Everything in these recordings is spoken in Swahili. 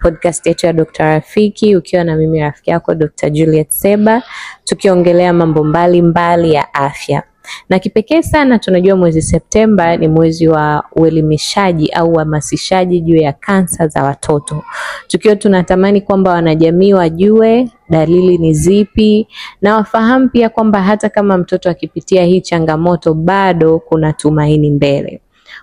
podcast yetu ya Dokta Rafiki, ukiwa na mimi rafiki yako Dr. Juliet Seba, tukiongelea mambo mbalimbali mbali ya afya na kipekee sana. Tunajua mwezi Septemba ni mwezi wa uelimishaji au uhamasishaji juu ya kansa za watoto, tukiwa tunatamani kwamba wanajamii wajue dalili ni zipi na wafahamu pia kwamba hata kama mtoto akipitia hii changamoto bado kuna tumaini mbele.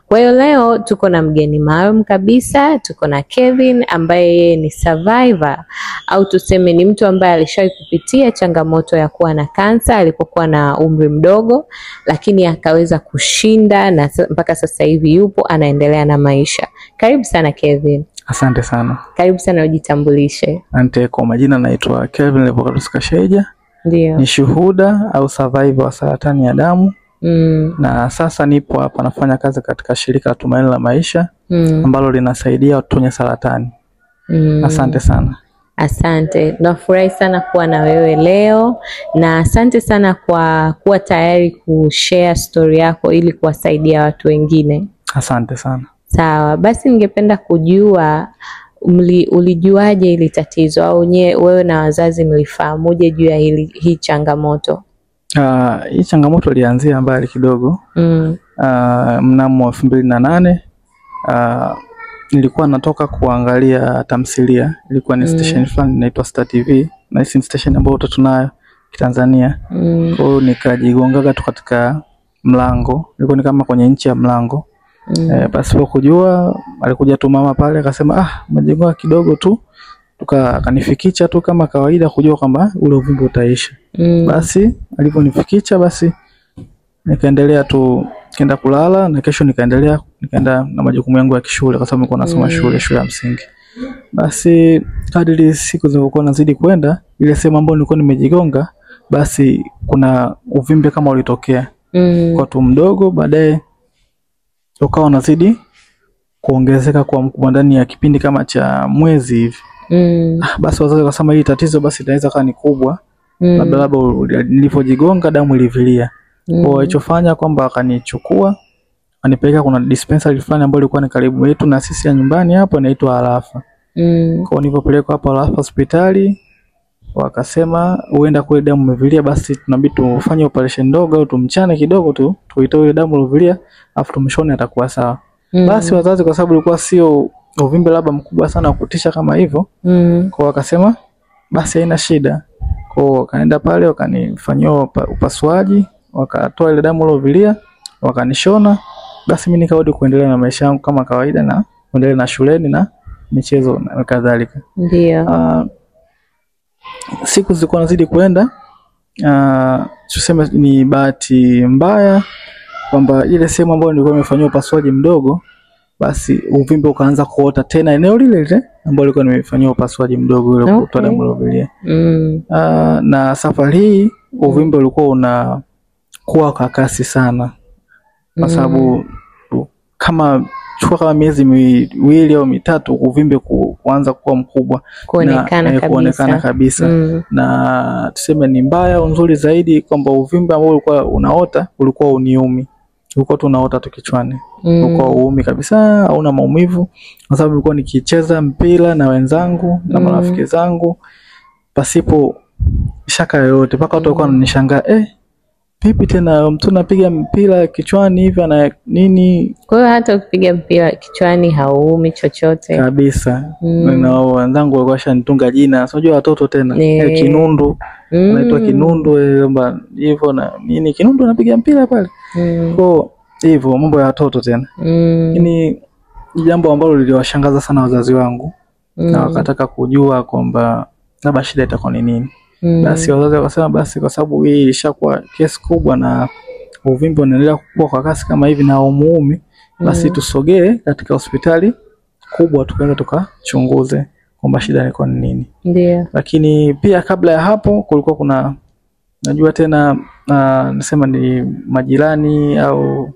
Kwa hiyo leo tuko na mgeni maalum kabisa, tuko na Kevin ambaye yeye ni survivor au tuseme ni mtu ambaye alishawahi kupitia changamoto ya kuwa na kansa alipokuwa na umri mdogo, lakini akaweza kushinda na mpaka sasa hivi yupo anaendelea na maisha. Karibu sana Kevin. Asante sana. Karibu sana, ujitambulishe. Asante. Kwa majina naitwa Kevin Levocatus Kasheja. Ndio. Ni shuhuda au survivor wa saratani ya damu mm. na sasa nipo hapa nafanya kazi katika shirika la Tumaini la Maisha mm. ambalo linasaidia watu wenye saratani mm. Asante sana. Asante, nafurahi sana kuwa na wewe leo, na asante sana kwa kuwa tayari kushare stori yako ili kuwasaidia watu wengine. Asante sana. Sawa, basi ningependa kujua mli, ulijuaje hili tatizo au nye, wewe na wazazi mlifahamuje juu ya hii changamoto? Ah, hii uh, changamoto ilianzia mbali kidogo mm. uh, mnamo elfu mbili na nane uh, nilikuwa natoka kuangalia tamthilia, ilikuwa ni mm. station fulani inaitwa Star TV na hii station ambayo wote tunayo Kitanzania. mm. kwa hiyo nikajigongaga tu katika mlango, ilikuwa ni kama kwenye nchi ya mlango mm. E, pasipo kujua, alikuja tu mama pale akasema, ah, umejigonga kidogo tu tuka akanifikicha tu kama kawaida kujua kwamba ule uvimbe utaisha. Mm. Basi aliponifikicha basi nikaendelea tu kenda kulala na kesho nikaendelea nikaenda na majukumu yangu ya kishule kwa sababu nilikuwa nasoma mm. shule shule ya msingi. Basi kadri siku zilivyokuwa nazidi kwenda, ile sehemu ambayo nilikuwa nimejigonga, basi kuna uvimbe kama ulitokea mm. kwa tu mdogo, baadaye ukawa unazidi kuongezeka kwa mkubwa ndani ya kipindi kama cha mwezi hivi mm. Ah, basi wazazi wakasema hii tatizo basi inaweza kaa ni kubwa mm. labda labda nilipojigonga damu ilivilia mm. kwa alichofanya kwamba akanichukua anipeleka kuna dispensary fulani ambayo ilikuwa ni karibu yetu na sisi ya nyumbani hapo inaitwa Alafa mm. kwa nilipopelekwa hapo Alafa hospitali wakasema uenda kule damu imevilia, basi tunabidi tufanye operation ndogo au tumchane kidogo tu tuitoe ile damu iliyovilia, afu tumshone atakuwa sawa. mm. Basi wazazi kwa sababu ilikuwa sio uvimbe labda mkubwa sana kutisha kama hivyo mm. Kwa wakasema basi haina shida, kwa wakaenda pale wakanifanyia upasuaji, wakatoa ile damu iliyovilia, wakanishona. Basi mimi nikarudi kuendelea na maisha yangu kama kawaida na kuendelea na shuleni na michezo na kadhalika. Ndio. Ah, siku zilikuwa nazidi kwenda, ah, tuseme ni bahati mbaya kwamba ile sehemu ambayo nilikuwa nimefanyia upasuaji mdogo basi uvimbe ukaanza kuota tena eneo lile lile ambalo nilikuwa nimefanyia upasuaji mdogo ule okay. kutoa damu mm. Uh, na safari hii uvimbe ulikuwa unakuwa kwa kasi sana kwa sababu mm. kama chukua kama miezi miwili au mitatu uvimbe kuanza kuwa mkubwa kuonekana na, eh, kuonekana kabisa, kabisa. Mm. na tuseme ni mbaya au nzuri zaidi kwamba uvimbe ambao ulikuwa unaota ulikuwa uniumi tu naota tu kichwani mm. Huko uumi kabisa, hauna maumivu, kwa sababu nilikuwa nikicheza mpira na wenzangu na mm. marafiki mm. zangu pasipo shaka yoyote, mpaka watu walikuwa wananishangaa eh vipi tena, mtu napiga mpira kichwani hivyo na nini. Kwa hiyo hata ukipiga mpira kichwani hauumi chochote kabisa. Mm. Na wenzangu walikuwa washanitunga jina, si unajua watoto tena e. Kinundu mm. Anaitwa Kinundu eh, kwamba hivyo na nini, Kinundu anapiga mpira pale mm. Kwa hivyo mambo ya watoto tena mm. Ni jambo ambalo liliwashangaza sana wazazi wangu mm. Na wakataka kujua kwamba labda shida itakuwa ni nini mm. Basi wazazi wakasema basi, kwa sababu hii ilishakuwa kesi kubwa na uvimbe unaendelea kukua kwa kasi kama hivi na umuumi basi mm. tusogee katika hospitali kubwa tukaenda tukachunguze kwamba shida ilikuwa ni nini. Ndio. Lakini pia kabla ya hapo kulikuwa kuna najua tena uh, nasema ni majirani au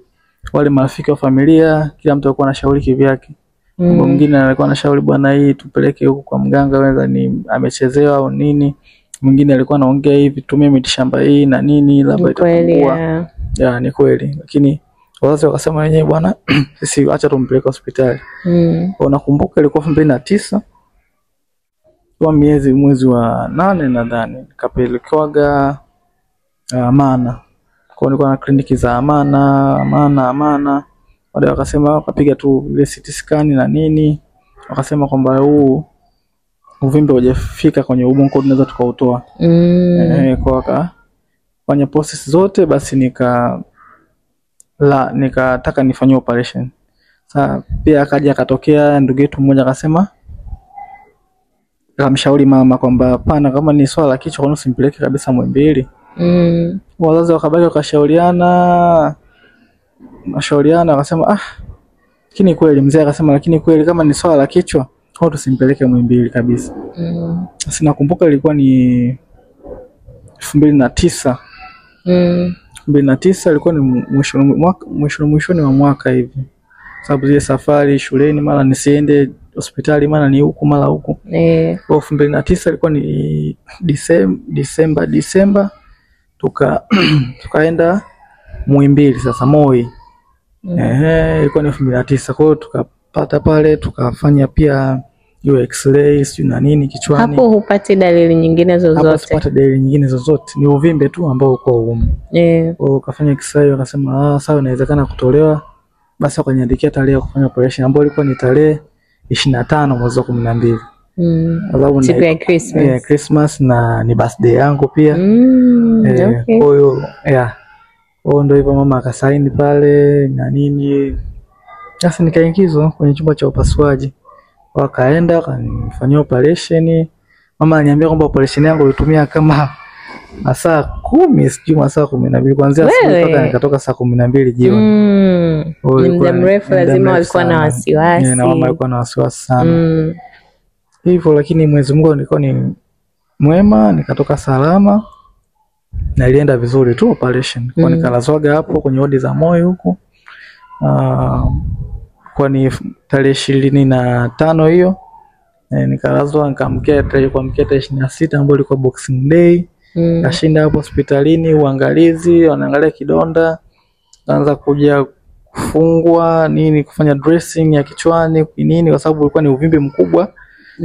wale marafiki wa familia, kila mtu alikuwa anashauri kivyake. Mwingine mm. alikuwa anashauri bwana, hii tupeleke huko kwa mganga, wenza ni amechezewa au nini mwingine alikuwa anaongea hivi, tumia miti shamba hii na nini, labda itakuwa Ya, ya ni kweli, lakini wazazi wakasema wenyewe, bwana sisi acha tumpeleke hospitali mm. Unakumbuka ilikuwa elfu mbili na tisa kwa miezi mwezi wa nane nadhani kapelekwaga ah, Amana kwa nilikuwa na kliniki za Amana Amana Amana. wale wakasema wakapiga tu ile CT scan na nini, wakasema kwamba huu uvimbe hujafika kwenye ubongo, tunaweza tukautoa mm. E, kwa kufanya process zote, basi nika la nikataka nifanyie operation. Sasa pia akaja akatokea ndugu yetu mmoja akasema, akamshauri mama kwamba pana, kama ni swala la kichwa kwani usimpeleke kabisa Muhimbili. Mm. Wazazi wakabaki wakashauriana, washauriana wakasema, ah, lakini kweli mzee akasema, lakini kweli kama ni swala la kichwa au tusimpeleke Muhimbili kabisa. Mm. Sinakumbuka ilikuwa ni elfu mbili na tisa mm. elfu mbili na tisa ilikuwa ni mwishoni mwishoni mwa mwaka hivi, sababu zile safari shuleni, mara nisiende hospitali, mara ni huku mara huku eh. elfu mbili na tisa ilikuwa ni Disemba Disemba Disemba tuka tukaenda Muhimbili sasa Moi mm. Ehe, ilikuwa ni elfu mbili na tisa kwa hiyo tukapata pale tukafanya pia hiyo x-ray sio na nini kichwani. Hapo hupati dalili nyingine zozote. Hapo hupati dalili nyingine zozote. Ni uvimbe tu ambao uko umu. Eh. Yeah. ukafanya x-ray wakasema ah, sawa inawezekana kutolewa. Basi wakaniandikia tarehe ya kufanya operation ambayo ilikuwa ni tarehe 25 mwezi wa 12. Mm. Siku ya Christmas. Yeah, Christmas na ni birthday yangu pia. Mm, eh, okay. Kwa hiyo yeah. Kwa hiyo ndio hivyo mama akasaini pale na nini. Sasa nikaingizwa kwenye chumba cha upasuaji wakaenda wakanifanyia operation. Mama aliniambia kwamba operation yangu ilitumia kama masaa kumi sijui masaa kumi na mbili kuanzia asubuhi mpaka nikatoka saa kumi na mbili jioni. Mm. Ni muda mrefu, lazima walikuwa na wasiwasi, na mama alikuwa na wasiwasi sana mm. Hivyo lakini Mwenyezi Mungu nilikuwa ni mwema, nikatoka salama na ilienda vizuri tu operation kwa mm. Nikalazwaga hapo kwenye wodi za moyo huku uh, kwa ni tarehe ishirini na tano hiyo e, nikalazwa nikamkia kuamkia tarehe ishirini na sita ambayo ilikuwa boxing day mm. Kashinda hapo hospitalini uangalizi, wanaangalia kidonda, kaanza kuja kufungwa nini, kufanya dressing ya kichwani nini, kwa sababu ulikuwa ni uvimbe mkubwa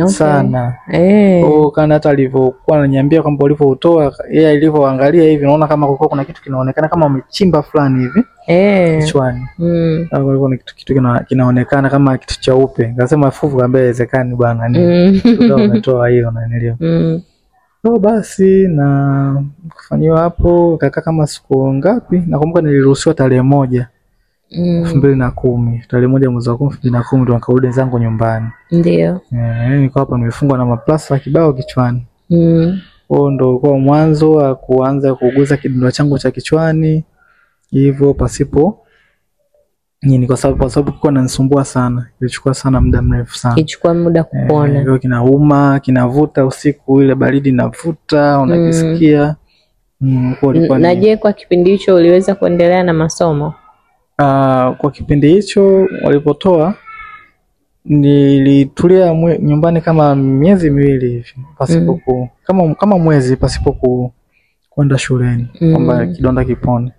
okay. sana hey. Eh. Kwa kana hata alivyokuwa ananiambia kwamba ulivyoutoa yeye alivyoangalia hivi, naona kama kulikuwa kuna kitu kinaonekana kama umechimba fulani hivi hey. Eh. kichwani mm. kuna kitu, kitu kinaonekana kama kitu cheupe. Nikasema fuvu, kaambia haiwezekani bwana, ni mm. umetoa hiyo na nilio mm. So basi na kufanyiwa hapo, kakaa kama siku ngapi, nakumbuka niliruhusiwa tarehe moja Mm. elfu mbili na kumi tarehe moja mwezi wa kumi elfu mbili na kumi ndo nikarudi zangu nyumbani. Ndio eh, niko hapa nimefungwa na maplasta kibao kichwani mm. Huo ndo kwa mwanzo wa kuanza kuuguza kidonda changu cha kichwani hivyo pasipo nini, kwa sababu kwa sababu kilikuwa nanisumbua sana, kilichukua sana muda mrefu sana, kilichukua muda eh, kupona hivyo. E, kinauma, kinavuta usiku, ile baridi inavuta, unajisikia mm. mm, na je, kwa kipindi hicho uliweza kuendelea na masomo? Uh, kwa kipindi hicho walipotoa nilitulia mwe, nyumbani kama miezi miwili hivi pasipoku mm. kama, kama mwezi pasipo kwenda shuleni mm. kwamba kidonda kipone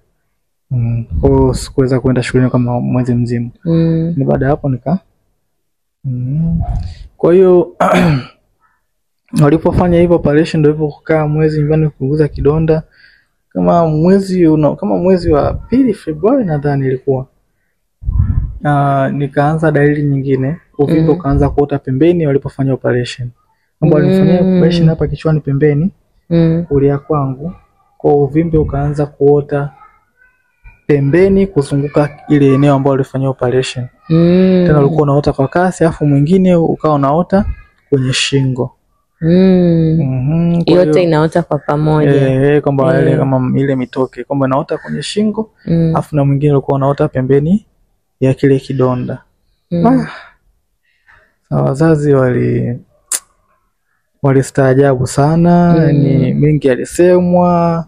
mm. kwao sikuweza kwenda shuleni kama mwezi mzima mm. ni baada ya hapo nika mm. kwa hiyo walipofanya hivyo operation ndio hivyo kukaa mwezi nyumbani kupunguza kidonda kama mwezi una, kama mwezi wa pili Februari nadhani ilikuwa na nikaanza dalili nyingine uvimbe mm. Mm-hmm. ukaanza kuota pembeni walipofanya operation ambao walifanyia mm. Mm-hmm. operation hapa kichwani pembeni mm. kulia kwangu kwa uvimbe ukaanza kuota pembeni kuzunguka ile eneo ambao walifanyia operation mm. tena ulikuwa unaota kwa kasi, afu mwingine ukawa unaota kwenye shingo. Mm. Mm Yote inaota kwa pamoja eh, eh kwamba ile mm. kama ile mitoke kwamba naota kwenye shingo mm. afu na mwingine alikuwa anaota pembeni ya kile kidonda mm. ah. na wazazi wali walistaajabu sana mm. ni yaani mengi alisemwa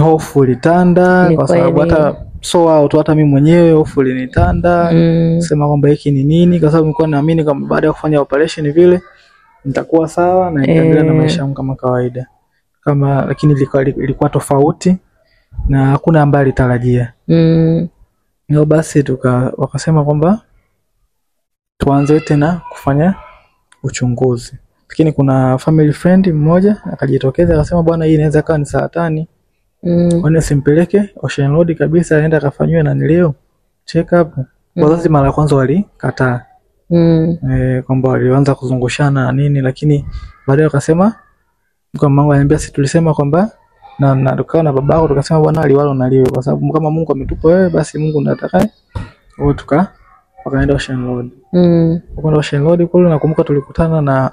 hofu ilitanda kwa sababu hata so wao tu, hata mimi mwenyewe hofu ilinitanda mm. sema kwamba hiki ni nini, kwa sababu nilikuwa naamini kwamba baada ya kufanya operation vile nitakuwa sawa na nitaendelea na eh. maisha yangu kama kawaida kama, lakini ilikuwa, ilikuwa tofauti na hakuna ambaye alitarajia mm. Hiyo basi tuka wakasema kwamba tuanze tena kufanya uchunguzi, lakini kuna family friend mmoja akajitokeza akasema, bwana, hii inaweza kawa ni saratani mm. simpeleke Ocean Road kabisa, aenda akafanyiwe na check up. Wazazi mara ya kwanza walikataa mm. E, kwamba walianza kuzungushana na nini, lakini baadaye wakasema, Mungu ananiambia si tulisema kwamba na na tukawa na babako tukasema bwana aliwalo na liwe, kwa sababu kama Mungu ametupa wewe, basi Mungu ndiye atakaye wewe. Tuka wakaenda Ocean Road mm. Wakaenda Ocean Road kule, nakumbuka tulikutana na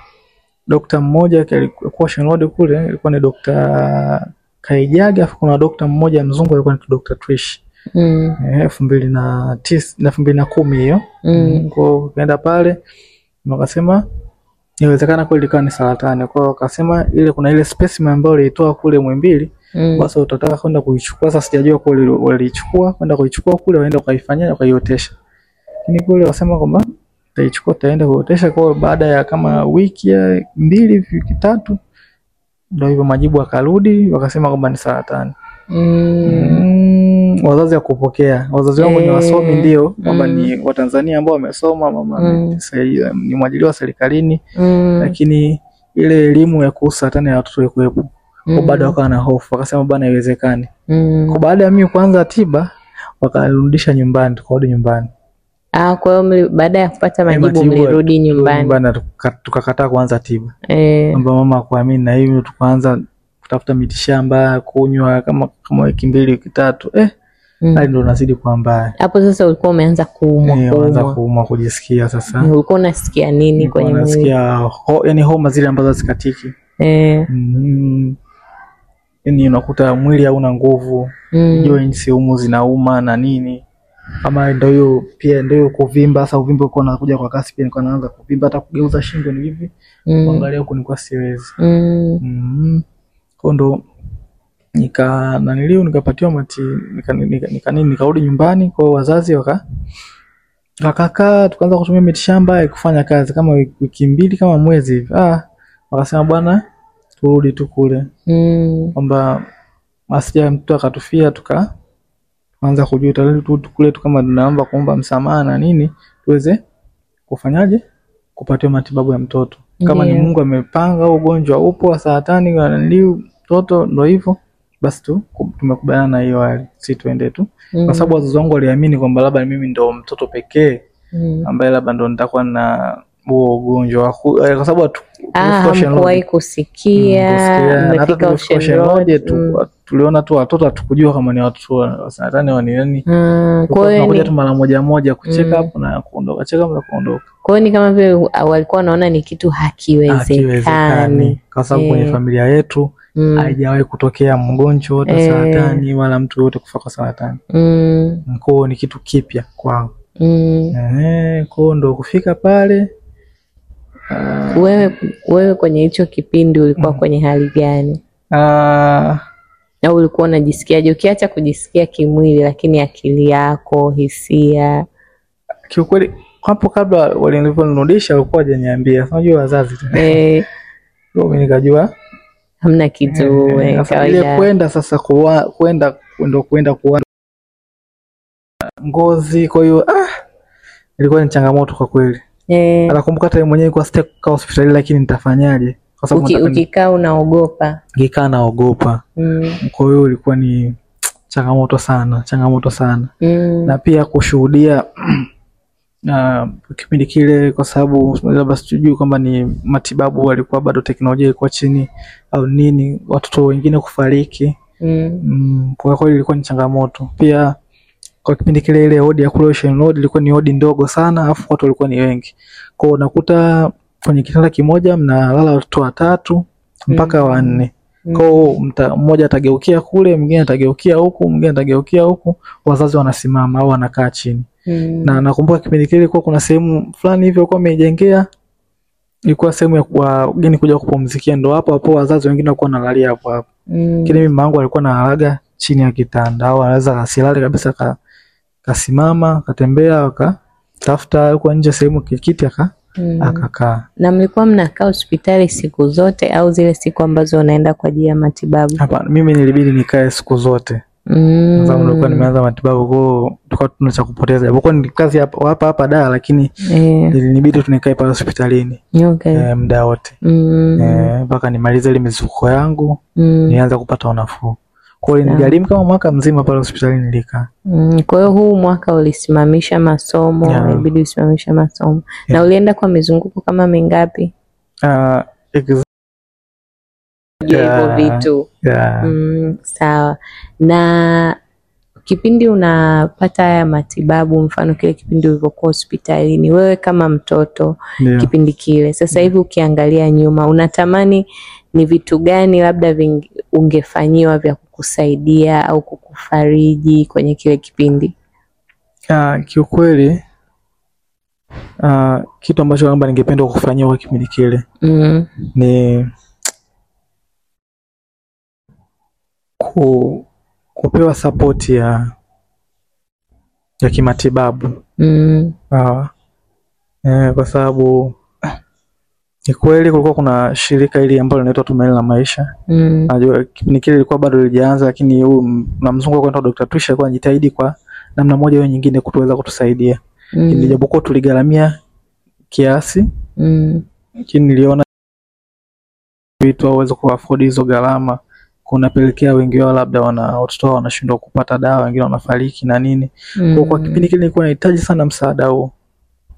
dokta mmoja alikuwa Ocean Road kule, ilikuwa ni dokta Kaijaga, afu kuna dokta mmoja mzungu alikuwa ni dokta Trish mm mm. elfu mbili na tisa elfu mbili na kumi hiyo mm. ukaenda pale wakasema inawezekana kweli ikawa ni saratani. Kwa wakasema ile kuna ile specimen ambayo ilitoa kule Mwimbili mm. utataka kwenda kuichukua. Sasa sijajua kweli walichukua kwenda kuichukua kule waenda kuifanyia na kuiotesha, lakini kule wasema kwamba taichukua taenda kuotesha. Kwa baada ya kama wiki ya mbili wiki tatu, ndio hivyo majibu akarudi, wakasema kwamba ni saratani mm. mm. Mm, wazazi ya kupokea wazazi wangu e. ni eh, wasomi ndio kwamba mm. ni Watanzania ambao wamesoma mama mm. ni mwajiliwa serikalini mm. lakini ile elimu ya kuhusu hatani ya watoto ikuwepo mm. bado wakawa na hofu wakasema bana haiwezekani mm. kwa baada ya mimi kuanza tiba wakarudisha nyumbani tukarudi nyumbani Ah, kwa hiyo baada ya kupata eh, majibu mlirudi nyumbani. Nyumbani tukakataa kuanza tiba. Eh. Ambapo mama hakuamini na hivyo tukaanza kutafuta mitishamba kunywa kama kama wiki mbili wiki tatu. Eh. Mm. hali ndo nazidi kuwa mbaya. Hapo sasa ulikuwa umeanza kuumwa, eh, umeanza kuumwa kujisikia sasa. Mm, ulikuwa unasikia nini kwenye mwili? Nasikia ho, yani homa zile ambazo hazikatiki eh. mm. Yani unakuta mwili hauna nguvu mm. joints sehemu zinauma na nini ama ndio hiyo pia ndio hiyo kuvimba. Sasa uvimbe uko unakuja kwa kasi, pia nilikuwa naanza kuvimba, hata kugeuza shingo ni hivi mm. kuangalia huko nilikuwa siwezi mm. mm. kwa ndo nika naniliu nikapatiwa mati nika, nika, nika, nikarudi nyumbani kwa wazazi waka wakaka tukaanza kutumia miti shamba kufanya kazi kama wiki mbili kama mwezi hivi. Ah, wakasema bwana, turudi tu kule mm. kwamba asija mtu akatufia, tuka tukaanza tu kule tu kama tunaomba kuomba msamaha na nini tuweze kufanyaje kupatiwa matibabu ya mtoto kama yeah. ni Mungu amepanga ugonjwa upo wa saratani naniliu mtoto ndio hivyo basi tu tumekubaliana na hiyo hali, si tuende tu mm. kwa sababu wazazi wangu waliamini kwamba labda mimi ndo mtoto pekee mm. ambaye labda ndo nitakuwa na huo ugonjwa eh, kwa sababu ah, hamkuwahi kusikia mmefika Ocean Road tuliona tu watoto hatukujua kama ni watoto wa saratani au ah, ni tu mara moja moja kucheka hapo mm. na kuondoka, cheka hapo na kuondoka. Kwa hiyo ni kama vile uh, walikuwa wanaona ni kitu hakiwezekani, kwa sababu kwenye eh. familia yetu Mm. haijawahi mm. kutokea mgonjwa wote e. saratani wala mtu yote kufa kwa saratani mm. koo ni kitu kipya kwao mm. e, koo ndo kufika pale uh, wewe wewe kwenye hicho kipindi ulikuwa mm. kwenye hali gani uh, na ulikuwa unajisikiaje ukiacha kujisikia kimwili lakini akili yako hisia kiukweli hapo kabla walinivonirudisha walikuwa wajaniambia unajua wazazi tena eh. hey. nikajua hamna kitu eh, eh, ile kwenda sasa kuwa, kwenda ndo kwenda kuwa ngozi. Kwa hiyo ah, ilikuwa ni changamoto kwa kweli eh. Anakumbuka hata mwenyewe kwa sitaki kukaa hospitali, lakini nitafanyaje? Kwa sababu uki, ukikaa unaogopa, ukikaa naogopa mm. Kwa hiyo ilikuwa ni changamoto sana, changamoto sana mm. na pia kushuhudia na kipindi kile, kwa sababu labda sijui kwamba ni matibabu walikuwa bado teknolojia ilikuwa chini au nini, watoto wengine kufariki mm. Mm, kwa kweli ilikuwa ni changamoto pia kwa kipindi kile, ile odi ya kule Road ilikuwa ni odi ndogo sana, afu watu walikuwa ni wengi kwao, unakuta kwenye kitanda kimoja mnalala watoto watatu mpaka mm. wanne Mm. kwa Kwao mmoja atageukia kule, mwingine atageukia huku, mwingine atageukia huku, wazazi wanasimama au wanakaa chini. Mm. Na nakumbuka kipindi kile kulikuwa kuna sehemu fulani hivyo kwa amejengea ilikuwa sehemu ya wageni kuja kupumzikia, ndo hapo hapo wazazi wengine walikuwa wanalalia hapo hapo. Mm. Kile mimi mangu alikuwa analaga chini ya kitanda au anaweza asilale kabisa, ka kasimama, katembea, akatafuta huko nje sehemu kikiti aka mm. akakaa. Na mlikuwa mnakaa hospitali siku zote au zile siku ambazo unaenda kwa ajili ya matibabu? Hapana, mimi nilibidi nikae siku zote Mm. Sababu nilikuwa nimeanza matibabu kwao, tukawa tuna cha kupoteza, japokuwa ni kazi hapa hapa da, lakini yeah. ilinibidi tunikae pale hospitalini okay. E, muda wote mm. Eh, mpaka mm. e, nimalize ile mizuko yangu mm. nianza kupata unafuu. Kwa hiyo kama mwaka mzima pale hospitalini nilikaa. Mm, kwa hiyo huu mwaka ulisimamisha masomo, yeah. Ilibidi usimamisha masomo. Yeah. Na ulienda kwa mizunguko kama mingapi? Uh, ex hivyo vitu. Yeah. Mm, sawa. Na kipindi unapata haya matibabu, mfano kile kipindi ulivyokuwa hospitalini, wewe kama mtoto yeah. Kipindi kile sasa hivi ukiangalia nyuma, unatamani ni vitu gani labda ungefanyiwa vya kukusaidia au kukufariji kwenye kile kipindi? Uh, kiukweli uh, kitu ambacho kwamba ningependa kukufanyia kwa kipindi kile mm. ni ku, kupewa sapoti ya ya kimatibabu mm. uh, eh, kwa sababu ni kweli kulikuwa kuna shirika hili ambalo linaitwa Tumaini la Maisha. Mm. Najua kipindi kile ilikuwa bado lijaanza, lakini huyu na mzungu kwenda Dr. Tusha alikuwa anajitahidi kwa namna moja au nyingine kutuweza kutusaidia. Mm. Japokuwa tuligaramia kiasi. Mm. Lakini niliona vitu waweze ku afford hizo gharama kunapelekea wengi wao labda wana watoto wao wanashindwa kupata dawa, wengine wanafariki na nini. Mm. Kwa, kwa kipindi kile nilikuwa nahitaji sana msaada huo,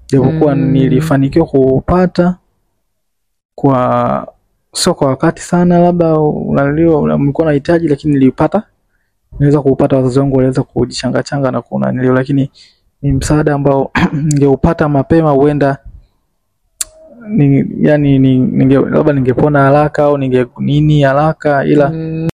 japokuwa mm. nilifanikiwa kupata kwa sio kwa wakati sana, labda mlikuwa nahitaji, lakini nilipata, niliweza kuupata. Wazazi wangu waliweza kujichanga changa na kuona nilio, lakini ni msaada ambao ningeupata mapema, huenda ni, yani, ni, ninge, labda ningepona haraka au ninge nini haraka ila mm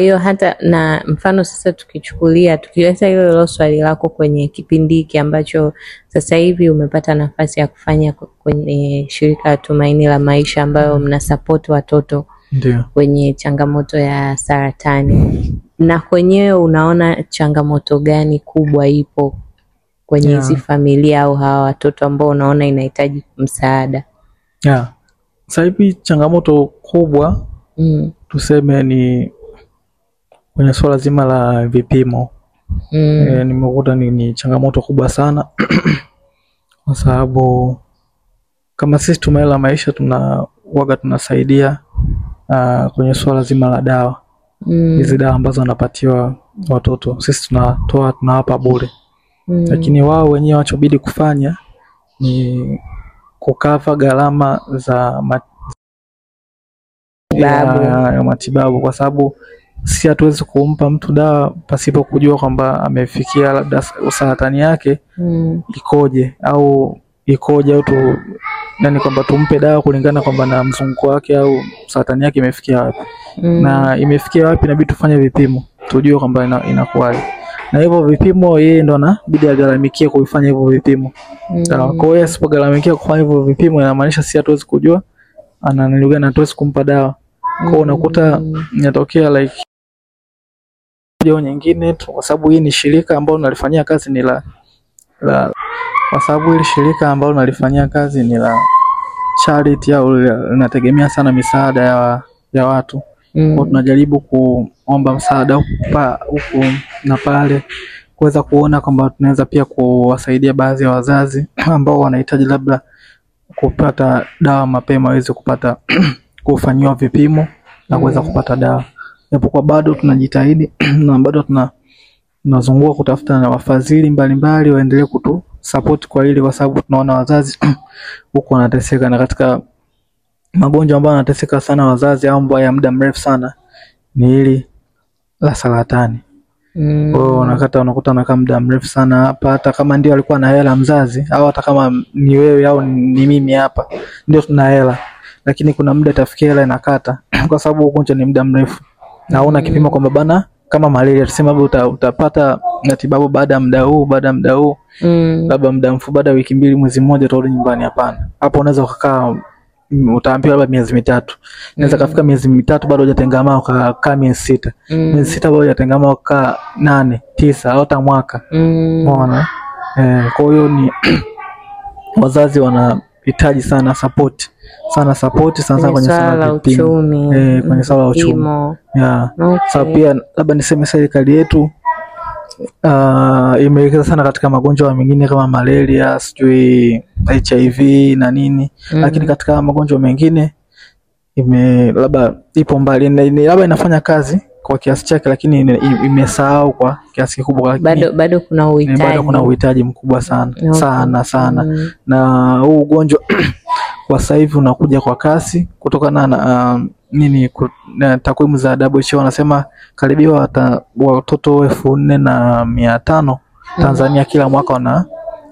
hiyo hata na mfano sasa, tukichukulia tukileta hilo hilo swali lako kwenye kipindi hiki ambacho sasa hivi umepata nafasi ya kufanya kwenye shirika la Tumaini la Maisha, ambayo mna support watoto Ndiyo. kwenye changamoto ya saratani, na kwenyewe unaona changamoto gani kubwa ipo kwenye hizi yeah. familia au hawa watoto ambao unaona inahitaji msaada yeah. Sasa hivi changamoto kubwa mm. tuseme ni kwenye swala zima la vipimo mm. E, nimekuta ni, ni changamoto kubwa sana kwa sababu kama sisi tumeela maisha tuna waga tunasaidia uh, kwenye swala zima la dawa mm. hizi mm. dawa ambazo wanapatiwa watoto sisi tunatoa tunawapa bure mm. Lakini wao wenyewe wanachobidi kufanya ni kukava gharama za matibabu, ya, ya matibabu kwa sababu si hatuwezi kumpa mtu dawa pasipo kujua kwamba amefikia labda saratani yake mm. ikoje au ikoje au tu nani kwamba tumpe dawa kulingana kwamba na mzunguko wake au saratani yake imefikia wapi mm. na imefikia wapi, inabidi tufanye vipimo tujue kwamba inakuwaje na hivyo vipimo yeye ndo anabidi agharamikie kuvifanya hivyo vipimo mm. Kwa hiyo asipogharamikia kufanya hivyo vipimo, inamaanisha si hatuwezi kujua ana nani gani, hatuwezi kumpa dawa kwao. Unakuta mm. inatokea like moja au nyingine, kwa sababu hii ni shirika ambalo nalifanyia kazi ni la, la kwa sababu hili shirika ambalo nalifanyia kazi ni la charity au linategemea sana misaada ya, ya watu mm. Kwa tunajaribu kuomba msaada huku na pale kuweza kuona kwamba tunaweza pia kuwasaidia baadhi ya wazazi ambao wanahitaji labda kupata dawa mapema waweze kupata kufanyiwa vipimo na kuweza kupata dawa japokuwa bado tunajitahidi na bado tuna tunazunguka kutafuta na wafadhili mbalimbali waendelee kutu support kwa hili, kwa sababu tunaona wazazi huko wanateseka, na katika magonjwa ambayo wanateseka sana wazazi au ambayo ya muda mrefu sana ni hili la saratani. Mm. Kwa hiyo unakata unakuta na kama muda mrefu sana hapa, hata kama ndio alikuwa na hela mzazi, au hata kama ni wewe au ni mimi hapa ndio tuna hela, lakini kuna muda tafikia hela inakata, kwa sababu ugonjwa ni muda mrefu naona kipimo kwamba bana kama malaria tuseme labda utapata matibabu baada ya muda huu, baada ya muda huu mm. labda muda mfupi, baada ya wiki mbili, mwezi mmoja utarudi nyumbani. Hapana, hapo unaweza ukakaa, mm, utaambiwa labda miezi mitatu, inaweza mm. kafika miezi mitatu bado hujatengamaa, ukakaa miezi sita mm. miezi sita bado hujatengamaa, ukakaa nane, tisa, hata mwaka mm. umeona mm. eh, kwa hiyo ni wazazi wanahitaji sana sapoti sana sapoti sana sana kwenye eh, mm, swala la uchumi eh, kwenye swala la uchumi yeah. Okay. Sasa pia labda niseme serikali yetu uh, imewekeza sana katika magonjwa mengine kama malaria, sijui HIV na nini mm. Lakini katika magonjwa mengine ime labda ipo mbali, labda inafanya kazi kwa kiasi chake, lakini imesahau kwa kiasi kikubwa, bado bado kuna uhitaji, eh, bado kuna uhitaji mkubwa sana okay. sana sana mm. na huu ugonjwa kwa sasa hivi unakuja kwa kasi kutokana na um, nini takwimu za WHO wanasema karibia watoto elfu nne na mia tano Tanzania kila mwaka wana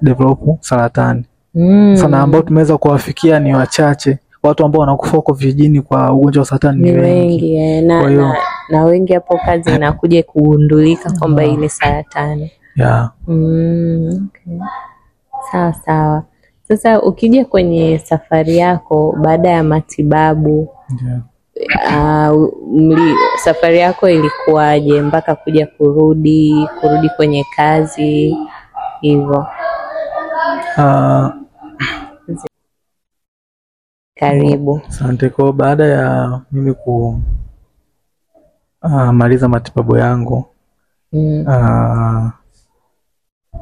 develop saratani mm. Sana ambao tumeweza kuwafikia ni wachache, watu ambao wanakufa huko vijijini kwa ugonjwa wa saratani ni wengi, wengi. Eh, na, kwa hiyo na, na wengi hapo kazi inakuja kugundulika kwamba ile saratani yeah. mm, okay. sawa sawa sasa ukija kwenye safari yako baada ya matibabu yeah. Uh, mli, safari yako ilikuwaje mpaka kuja kurudi kurudi kwenye kazi hivyo? Uh, karibu. Asante. Kwa baada ya mimi kumaliza uh, matibabu yangu mm. uh,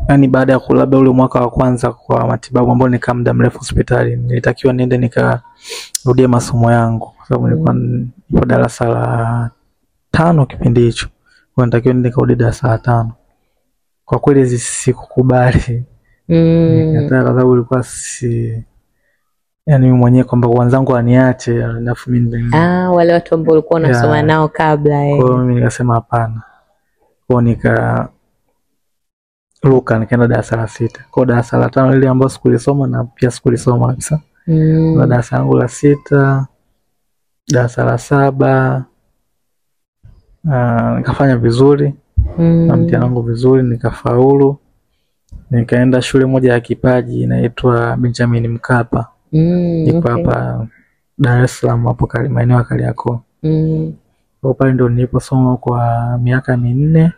yani baada ya kulabda ule mwaka wa kwanza kwa matibabu ambao nikaa muda mrefu hospitali, nilitakiwa niende nikarudia masomo yangu kwa sababu nilikuwa mm. nipo darasa la tano kipindi hicho, kwa nitakiwa niende nikarudi darasa la tano. Kwa kweli sikukubali mm. kwa sababu ilikuwa si yani mimi mwenyewe kwamba wenzangu waniache, alafu mimi ah, wale watu ambao ulikuwa unasoma nao kabla eh. Kwa hiyo eh. mimi nikasema hapana, kwa hiyo nika Luka nikaenda darasa la sita. Kwa darasa la tano ile ambayo sikulisoma na pia sikulisoma kabisa. Mm. Na darasa langu la sita, darasa la saba ah, nikafanya vizuri mm. na mtihani wangu vizuri nikafaulu. Nikaenda shule moja ya kipaji inaitwa Benjamin Mkapa mm, hapa okay. Dar es Salaam hapo maeneo ya Kariakoo mm. pale ndio niliposoma kwa miaka minne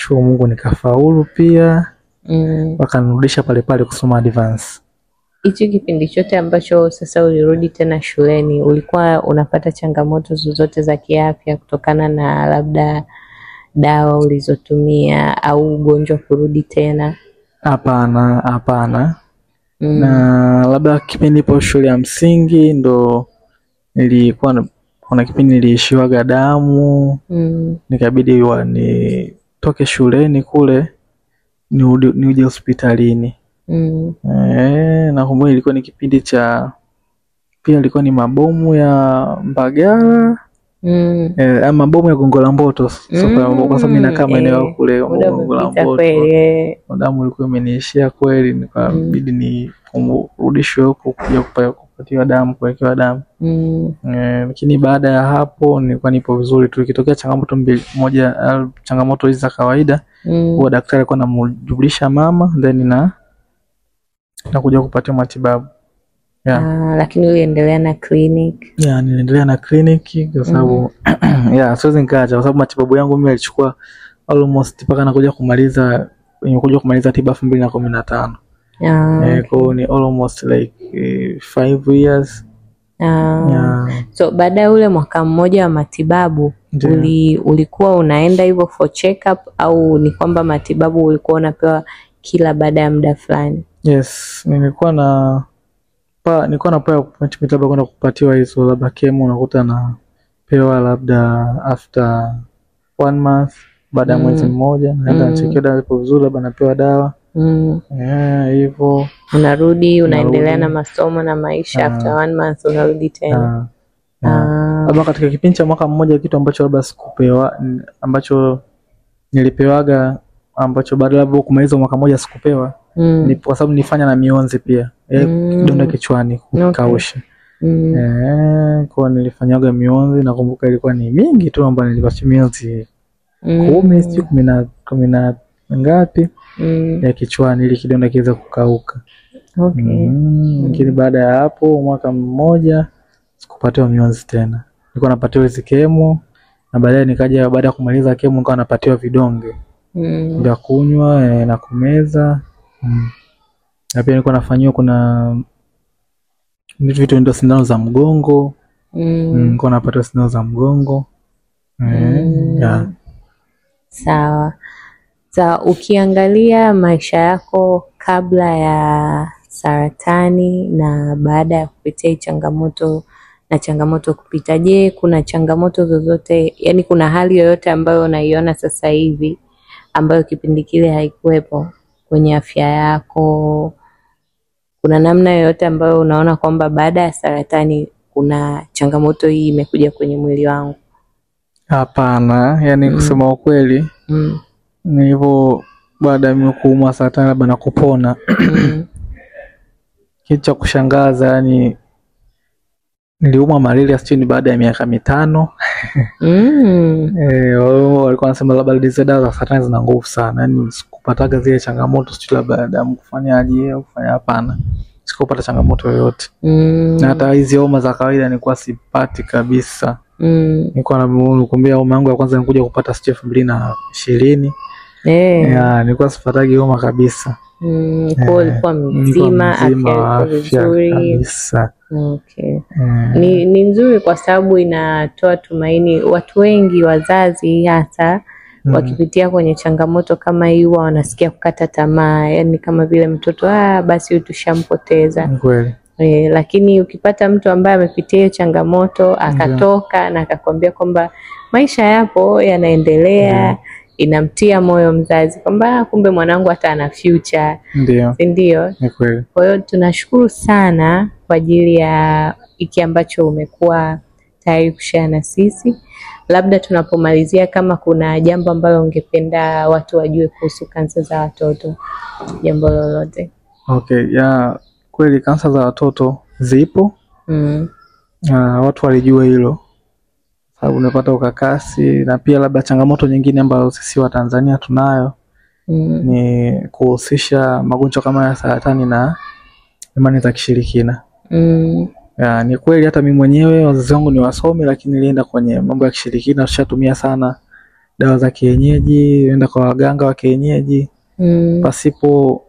Shukuru Mungu nikafaulu pia mm. Wakanirudisha pale pale kusoma advance. Hicho kipindi chote ambacho sasa ulirudi tena shuleni, ulikuwa unapata changamoto zozote za kiafya kutokana na labda dawa ulizotumia au ugonjwa kurudi tena? Hapana, hapana. Mm. Na labda kipindi po shule ya msingi ndo nilikuwa kuna kipindi niliishiwaga damu mm. Nikabidi ni toke shuleni kule nije hospitalini mm. E, nakumbuka ilikuwa ni kipindi cha pia ilikuwa ni mabomu ya Mbagala mm. E, mabomu ya Gongola Mboto mm. kwa sababu nakaa mm. maeneo ya eh, kule Gongola Mboto eh. damu ilikuwa imeniishia kweli, nikabidi ni kurudishwe huko kuja kupaa kupatiwa damu, kuwekewa damu mm. Eh, lakini e, baada ya hapo nilikuwa nipo vizuri tu. Ikitokea changamoto mbili, moja changamoto hizi za kawaida mm. huwa mm. daktari alikuwa anamjulisha mama then na nakuja kupatiwa matibabu yeah. Ah, lakini uliendelea na clinic? Yeah, niliendelea na clinic kwa sababu mm. yeah, siwezi nikaacha kwa sababu matibabu yangu mimi alichukua almost mpaka nakuja kumaliza nimekuja kumaliza tiba elfu mbili na kumi na tano. Ah, okay. Eh, kwa hiyo ni almost like Eh, five years ah. yeah. So baada ya ule mwaka mmoja wa matibabu yeah. Uli, ulikuwa unaenda hivyo for check up au ni kwamba matibabu ulikuwa unapewa kila baada ya muda fulani? Yes, nilikuwa na pa, nilikuwa napewa matibabu kwenda kupatiwa hizo, labda kemo unakuta pewa labda after one month, baada ya mm. mwezi mmoja naenda mm. nachekiwa dawa ipo vizuri, labda napewa dawa mm. hivyo yeah, unarudi unaendelea na masomo na maisha. Ah. After one month unarudi tena ah. Ah. labda katika kipindi cha mwaka mmoja, kitu ambacho labda sikupewa ambacho nilipewaga ambacho baada labda kumaliza mwaka mmoja sikupewa mm. ni kwa sababu nilifanya na mionzi pia e, mm. donda kichwani kukausha okay. Mm. Eh, kwa nilifanyaga mionzi nakumbuka ilikuwa ni mingi tu ambayo nilipata mionzi mm. kumi sijui kumi na ngapi mm. ya kichwani ili kidonda kiweze kukauka. Okay. Mm. mm. baada ya hapo mwaka mmoja sikupatiwa mionzi tena, nilikuwa napatiwa hizi kemo na baadaye nikaja, baada ya kumaliza kemo nikawa napatiwa vidonge mm. vya kunywa e, na kumeza mm. na pia nilikuwa nafanyiwa kuna vitu ndio sindano za mgongo mm. mm. nilikuwa napatiwa sindano za mgongo eh, mm. mm. yeah. Sawa za ukiangalia maisha yako kabla ya saratani na baada ya kupitia changamoto na changamoto kupita. Je, kuna changamoto zozote, yani kuna hali yoyote ambayo unaiona sasa hivi ambayo kipindi kile haikuwepo kwenye afya yako? Kuna namna yoyote ambayo unaona kwamba baada ya saratani kuna changamoto hii imekuja kwenye mwili wangu? Hapana, yani mm. kusema ukweli mm ni hivyo, baada ya kuumwa saa tano labda na kupona kitu cha kushangaza yani niliumwa malaria ni baada ya miaka mitano. mm. E, walikuwa wanasema labda zile dawa za saratani zina nguvu sana, yani sikupataga zile changamoto, sijui labda damu kufanyaje au kufanya, hapana, sikupata changamoto yoyote mm. na hata hizi homa za kawaida nilikuwa sipati kabisa mm. niko nakumbia homa yangu ya kwanza nikuja kupata siku elfu mbili na ishirini eh. yeah, nilikuwa sipatagi homa kabisa mm, eh, kwa mzima afya vizuri okay. yeah. Mm. Ni, ni nzuri kwa sababu inatoa tumaini. Watu wengi wazazi hata Mm. Wakipitia kwenye changamoto kama hii huwa wanasikia kukata tamaa, yani kama vile mtoto ah, basi huyu tushampoteza. E, lakini ukipata mtu ambaye amepitia hiyo changamoto akatoka yeah, na akakwambia kwamba maisha yapo yanaendelea yeah, inamtia moyo mzazi kwamba ah, kumbe mwanangu hata ana future, si ndio? Kwa hiyo tunashukuru sana kwa ajili ya hiki ambacho umekuwa tayari kushare na sisi. Labda tunapomalizia, kama kuna jambo ambalo ungependa watu wajue kuhusu kansa za watoto, jambo lolote? Okay, yeah kweli kansa za watoto zipo mm. Uh, watu walijua hilo sababu unapata ukakasi na pia labda changamoto nyingine ambayo sisi wa Tanzania tunayo mm. ni kuhusisha magonjwa kama ya saratani na imani za kishirikina mm. Ya, ni kweli hata mimi mwenyewe wazazi wangu ni wasomi, lakini nilienda kwenye mambo ya kishirikina. Tushatumia sana dawa za kienyeji, nenda kwa waganga wa kienyeji mm. pasipo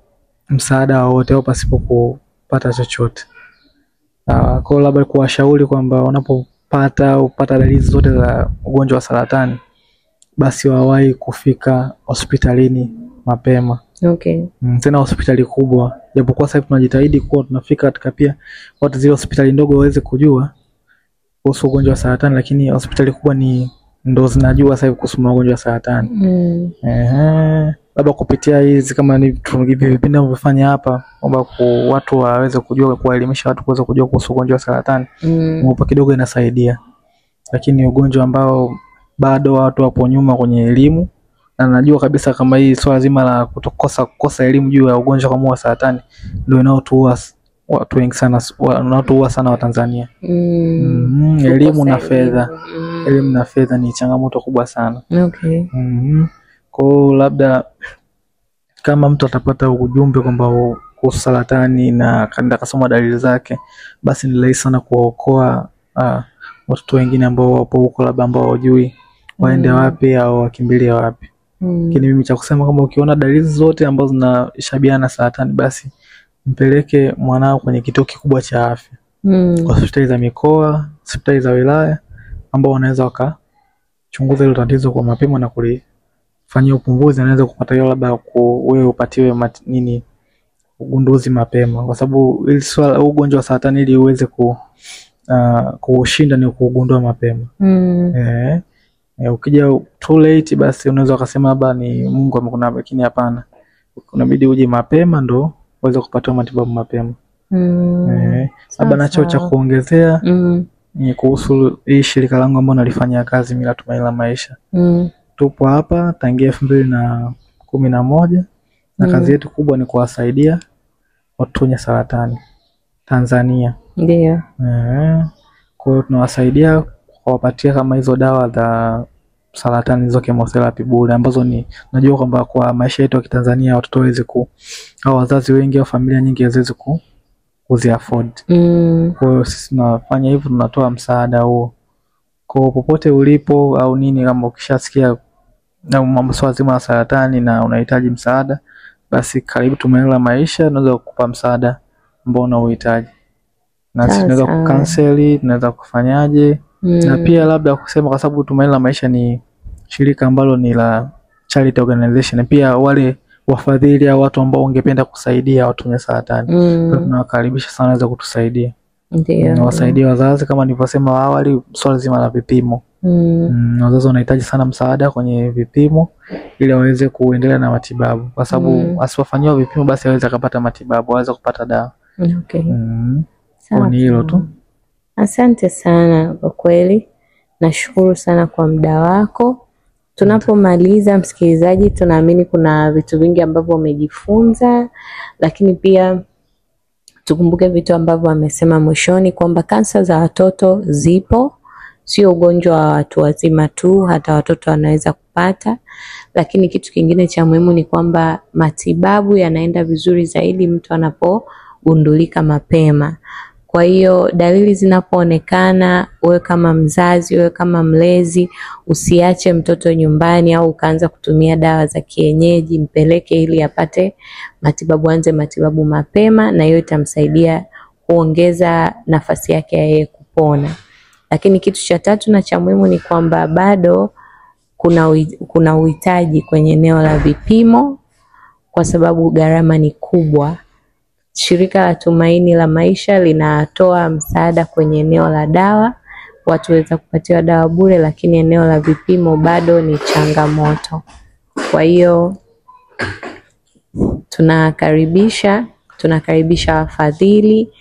msaada wowote au pasipo ku, kupata chochote. Uh, kwa labda kuwashauri kwamba wanapopata upata dalili zote za ugonjwa wa saratani basi wawahi kufika hospitalini mapema. Okay. Mm, tena hospitali kubwa, japokuwa sasa tunajitahidi kuwa tunafika katika pia watu zile hospitali ndogo waweze kujua kuhusu ugonjwa wa saratani, lakini hospitali kubwa ni ndo zinajua sasa kuhusu magonjwa ya saratani mm. Ehe, labda kupitia hizi kama ni vipindi navyofanya hapa kwamba watu waweze kujua, kuwaelimisha watu kuweza kujua kuhusu ugonjwa wa saratani mm. kidogo inasaidia, lakini ugonjwa ambao bado watu wapo nyuma kwenye elimu na najua kabisa kama hii swala zima la kutokosa kukosa elimu juu ya ugonjwa kama wa saratani ndio inaotuua watu wengi sana, watu sana Watanzania. mm. mm. elimu na fedha mm. elimu na fedha ni changamoto kubwa sana. okay. mm. Mm-hmm. Kwao labda kama mtu atapata ujumbe kwamba kuhusu saratani na kaenda kasoma dalili zake, basi ni rahisi sana kuwaokoa uh, watoto wengine ambao wapo huko labda ambao wajui waende mm. wapi au wakimbilie wapi. Mm. Lakini mm. mimi cha kusema kama ukiona dalili zote ambazo zinashabiana saratani basi mpeleke mwanao kwenye kituo kikubwa cha afya mm. kwa hospitali za mikoa, hospitali za wilaya, ambao wanaweza wakachunguza hilo tatizo kwa mapema na kulifanyia upumbuzi, anaweza kupata hiyo, labda wewe upatiwe nini ugunduzi mapema, kwa sababu ili swala ugonjwa wa saratani ili uweze ku uh, kuushinda ni kuugundua mapema mm. eh, eh, ukija too late basi unaweza ukasema labda ni Mungu amekuna, lakini hapana, unabidi uje mapema ndo waweze kupatiwa matibabu mapema. Mm. Eh, labda nacho cha kuongezea mm. ni kuhusu hii shirika langu ambao nalifanyia kazi Mila Tumaini la Maisha mm. tupo hapa tangia elfu mbili na kumi na moja na mm. kazi yetu kubwa ni kuwasaidia watu wenye saratani Tanzania. Ndio. Eh, kwa hiyo tunawasaidia kuwapatia kama hizo dawa za saratani hizo kemotherapy bure, ambazo ni najua kwamba kwa maisha yetu ya Kitanzania watoto waweze ku au wazazi wengi au familia nyingi haziwezi ku kuzi afford. Mm. Kwa hiyo sisi tunafanya hivyo, tunatoa msaada huo kwa popote ulipo au nini, kama ukishasikia na mambo swala zima la saratani na unahitaji msaada, basi karibu Tumaini la Maisha tunaweza kukupa msaada ambao unaohitaji, na sisi tunaweza kukanseli, tunaweza kufanyaje mm. na pia labda kusema kwa sababu Tumaini la Maisha ni shirika ambalo ni la charity organization, pia wale wafadhili au watu ambao ungependa kusaidia watu wenye saratani mm. tunawakaribisha sana waweze kutusaidia ndio wasaidie wazazi kama nilivyosema awali, swala zima la vipimo mm. Mm, wazazi wanahitaji sana msaada kwenye vipimo ili waweze kuendelea na matibabu, kwa sababu mm. asipofanyiwa vipimo basi aweze akapata matibabu, aweze kupata dawa. Okay. Mm. Ni hilo tu. Asante sana kwa kweli, nashukuru sana kwa muda wako. Tunapomaliza msikilizaji, tunaamini kuna vitu vingi ambavyo umejifunza, lakini pia tukumbuke vitu ambavyo amesema mwishoni kwamba kansa za watoto zipo, sio ugonjwa wa watu wazima tu, hata watoto wanaweza kupata. Lakini kitu kingine cha muhimu ni kwamba matibabu yanaenda vizuri zaidi mtu anapogundulika mapema. Kwa hiyo dalili zinapoonekana, wewe kama mzazi, wewe kama mlezi, usiache mtoto nyumbani au ukaanza kutumia dawa za kienyeji, mpeleke ili apate matibabu, anze matibabu mapema, na hiyo itamsaidia kuongeza nafasi yake ya yeye kupona. Lakini kitu cha tatu na cha muhimu ni kwamba bado kuna kuna uhitaji kwenye eneo la vipimo, kwa sababu gharama ni kubwa Shirika la Tumaini la Maisha linatoa msaada kwenye eneo la dawa, watu waweza kupatiwa dawa bure, lakini eneo la vipimo bado ni changamoto. Kwa hiyo tunakaribisha tunakaribisha wafadhili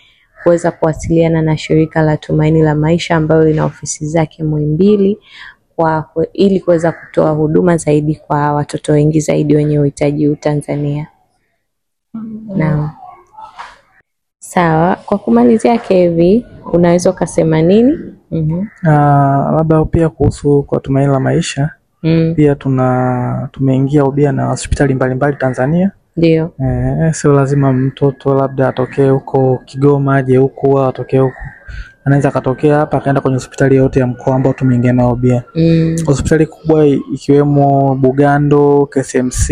kuweza kuwasiliana na shirika la Tumaini la Maisha ambayo lina ofisi zake Muhimbili kwa ili kuweza kutoa huduma zaidi kwa watoto wengi zaidi wenye uhitaji huu Tanzania. Naam. Sawa, kwa kumalizia Kevi, unaweza ukasema nini? mm -hmm. Labda pia kuhusu kwa tumaini la maisha mm. Pia tuna tumeingia ubia na hospitali mbalimbali Tanzania ndio. E, sio lazima mtoto labda atokee huko Kigoma aje huku atokee huku, anaweza akatokea hapa akaenda kwenye hospitali yote ya mkoa ambao tumeingia nao ubia mm. Hospitali kubwa ikiwemo Bugando, KCMC,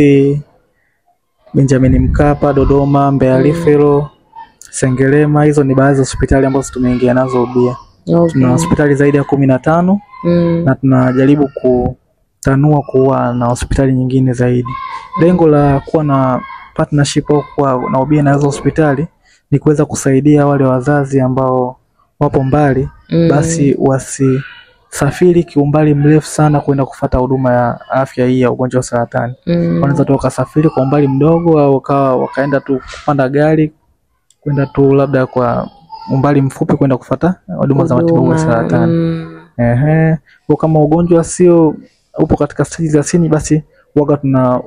Benjamin Mkapa, Dodoma, Mbeya mm. Referral Sengerema. Hizo ni baadhi ya hospitali ambazo tumeingia nazo ubia. Okay. Tuna hospitali zaidi ya kumi na tano mm. na tunajaribu kutanua kuwa na hospitali nyingine zaidi. Lengo la kuwa na partnership au kuwa na ubia na hizo hospitali ni kuweza kusaidia wale wazazi ambao wapo mbali mm. basi wasi safiri kiumbali mrefu sana kwenda kufata huduma ya afya hii ya ugonjwa wa saratani. Mm. Wanaweza toka safiri kwa umbali mdogo au wakaenda tu kupanda gari kwenda tu labda kwa umbali mfupi kwenda kufata huduma za matibabu ya saratani. Mm. Ehe. Kwa kama ugonjwa sio upo katika stage za sini, basi waga tuna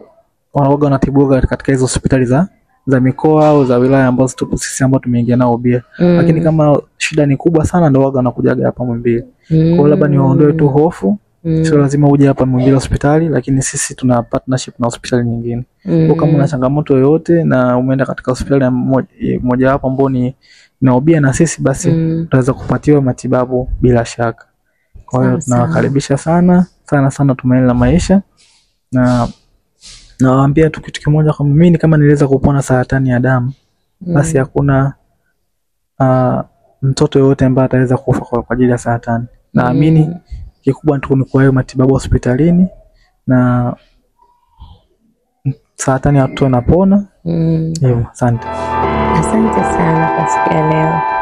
wanawaga wanatibuaga katika hizo hospitali za za mikoa au za wilaya ambazo tupo sisi ambao tumeingia nao bia. Mm. Lakini kama shida ni kubwa sana, ndio waga wanakujaga hapa Muhimbili. Mm. Kwa hiyo labda niwaondoe tu hofu mm. Sio lazima uje hapa Muhimbili hospitali, lakini sisi tuna partnership na hospitali nyingine mm. kwa Kama una changamoto yoyote na umeenda katika hospitali moja eh, mojawapo ambao ni naobia na sisi, basi mm. tunaweza kupatiwa matibabu bila shaka. Kwa hiyo tunawakaribisha sana sana sana, Tumaini la Maisha, na nawaambia tu kitu kimoja, kama mimi kama niliweza kupona saratani ya damu mm. basi hakuna uh, mtoto yoyote ambaye ataweza kufa kwa ajili ya saratani. Naamini mm. Kikubwa tu ni kwa hiyo matibabu hospitalini na saratani ya watoto wanapona mm. Hivyo, mm. Asante, asante sana kwa siku ya leo.